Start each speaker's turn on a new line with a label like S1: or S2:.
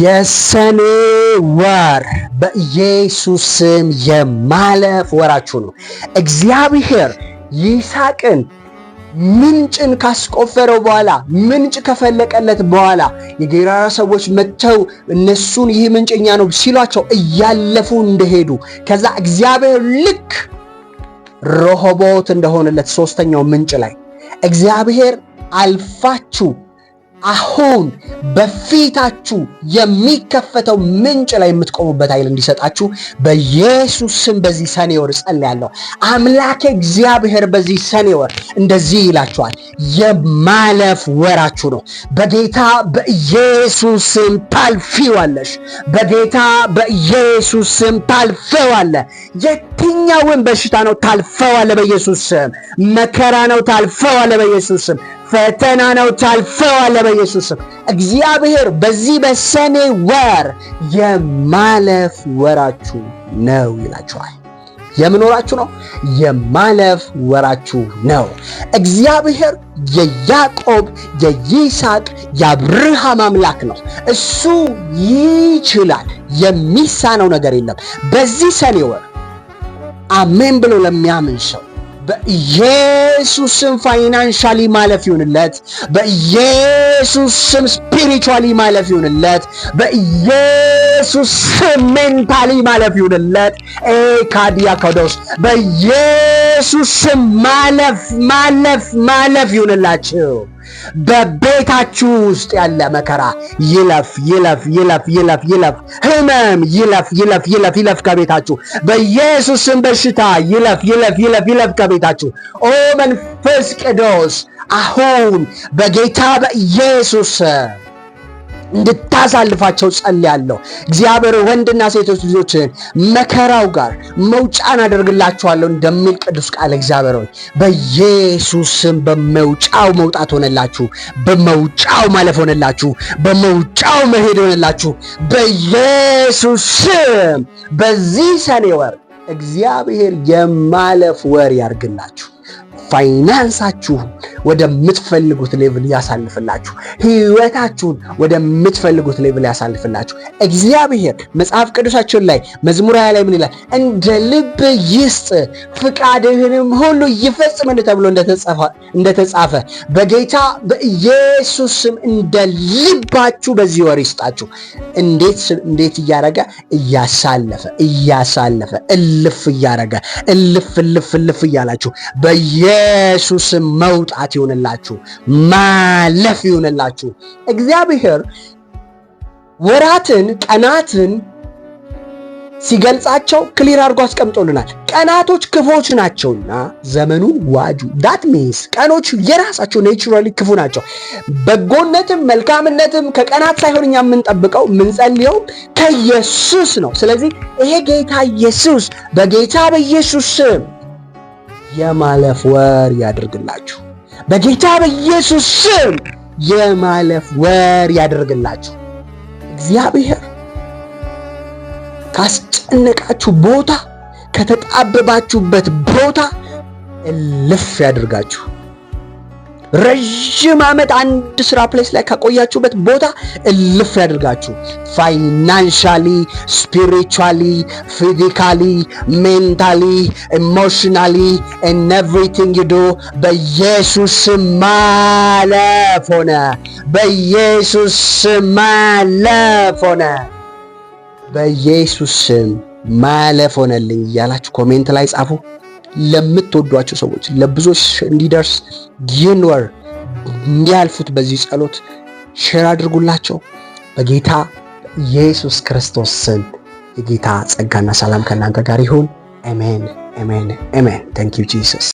S1: የሰኔ ወር በኢየሱስ ስም የማለፍ ወራችሁ ነው። እግዚአብሔር ይስሐቅን ምንጭን ካስቆፈረው በኋላ ምንጭ ከፈለቀለት በኋላ የጌራራ ሰዎች መጥተው እነሱን ይህ ምንጭኛ ነው ሲሏቸው እያለፉ እንደሄዱ ከዛ እግዚአብሔር ልክ ሮሆቦት እንደሆነለት ሶስተኛው ምንጭ ላይ እግዚአብሔር አልፋችሁ አሁን በፊታችሁ የሚከፈተው ምንጭ ላይ የምትቆሙበት ኃይል እንዲሰጣችሁ በኢየሱስ ስም በዚህ ሰኔ ወር ጸልያለሁ። አምላክ እግዚአብሔር በዚህ ሰኔ ወር እንደዚህ ይላችኋል፣ የማለፍ ወራችሁ ነው። በጌታ በኢየሱስ ስም ታልፊዋለሽ። በጌታ በኢየሱስ ስም ታልፈዋለ። የትኛውን በሽታ ነው? ታልፈዋለ በኢየሱስ ስም። መከራ ነው? ታልፈዋለ በኢየሱስ ስም ፈተና ነው፣ ታልፈዋለህ በኢየሱስ ስም። እግዚአብሔር በዚህ በሰኔ ወር የማለፍ ወራችሁ ነው ይላችኋል። የምኖራችሁ ነው የማለፍ ወራችሁ ነው። እግዚአብሔር የያዕቆብ የይስሐቅ የአብርሃም አምላክ ነው። እሱ ይችላል፣ የሚሳነው ነገር የለም። በዚህ ሰኔ ወር አሜን ብሎ ለሚያምን ሰው በኢየሱስ ስም ፋይናንሻሊ ማለፍ ይሁንለት። በኢየሱስ ስም ስፒሪቹዋሊ ማለፍ ይሁንለት። በኢየሱስ ስም ሜንታሊ ማለፍ ይሁንለት። ኤካዲያ ከዶስ በኢየሱስ ስም ማለፍ ማለፍ ማለፍ ይሁንላችሁ። በቤታችሁ ውስጥ ያለ መከራ ይለፍ ይለፍ ይለፍ ይለፍ ይለፍ። ህመም ይለፍ ይለፍ ይለፍ ይለፍ ከቤታችሁ በኢየሱስም በሽታ ይለፍ ይለፍ ይለፍ ይለፍ ከቤታችሁ። ኦ መንፈስ ቅዱስ አሁን በጌታ በኢየሱስ እንድታሳልፋቸው ጸልያለሁ። እግዚአብሔር ወንድና ሴቶች ልጆች መከራው ጋር መውጫን አደርግላችኋለሁ እንደሚል ቅዱስ ቃል እግዚአብሔር ሆይ በኢየሱስም በመውጫው መውጣት ሆነላችሁ፣ በመውጫው ማለፍ ሆነላችሁ፣ በመውጫው መሄድ ሆነላችሁ በኢየሱስም በዚህ ሰኔ ወር እግዚአብሔር የማለፍ ወር ያርግላችሁ። ፋይናንሳችሁን ወደምትፈልጉት ሌቭል ያሳልፍላችሁ። ህይወታችሁን ወደምትፈልጉት ሌቭል ያሳልፍላችሁ። እግዚአብሔር መጽሐፍ ቅዱሳችን ላይ መዝሙር ሃያ ላይ ምን ይላል? እንደ ልብ ይስጥ ፍቃድህንም ሁሉ ይፈጽምልህ ተብሎ እንደተጻፈ በጌታ በኢየሱስ ስም እንደ ልባችሁ በዚህ ወር ይስጣችሁ። እንዴት እንዴት እያረገ እያሳለፈ እያሳለፈ እልፍ እያረገ እልፍ እልፍ እልፍ እያላችሁ በየ በኢየሱስ መውጣት ይሆንላችሁ፣ ማለፍ ይሆንላችሁ። እግዚአብሔር ወራትን ቀናትን ሲገልጻቸው ክሊር አድርጎ አስቀምጦልናል። ቀናቶች ክፎች ናቸውና ዘመኑን ዋጁ። ዳት ሚንስ ቀኖች የራሳቸው ኔቹራሊ ክፉ ናቸው። በጎነትም መልካምነትም ከቀናት ሳይሆን እኛ የምንጠብቀው የምንጸልየውም ከኢየሱስ ነው። ስለዚህ ይሄ ጌታ ኢየሱስ በጌታ በኢየሱስ ስም የማለፍ ወር ያደርግላችሁ። በጌታ በኢየሱስ ስም የማለፍ ወር ያደርግላችሁ። እግዚአብሔር ካስጨነቃችሁ ቦታ ከተጣበባችሁበት ቦታ እልፍ ያደርጋችሁ። ረዥም ዓመት አንድ ስራ ፕሌስ ላይ ካቆያችሁበት ቦታ እልፍ ያደርጋችሁ። ፋይናንሻሊ፣ ስፒሪቹዋሊ፣ ፊዚካሊ፣ ሜንታሊ፣ ኢሞሽናሊ ኤንድ ኤቭሪቲንግ ዩ ዱ በኢየሱስ ማለፍ ሆነ። በኢየሱስ ማለፍ ሆነ። በኢየሱስ ማለፍ ሆነልኝ እያላችሁ ኮሜንት ላይ ጻፉ። ለምትወዷቸው ሰዎች ለብዙዎች እንዲደርስ ይህን ወር እንዲያልፉት በዚህ ጸሎት ሼር አድርጉላቸው። በጌታ ኢየሱስ ክርስቶስ ስም የጌታ ጸጋና ሰላም ከእናንተ ጋር ይሁን። አሜን፣ አሜን፣ አሜን። ታንክ ዩ ጂሰስ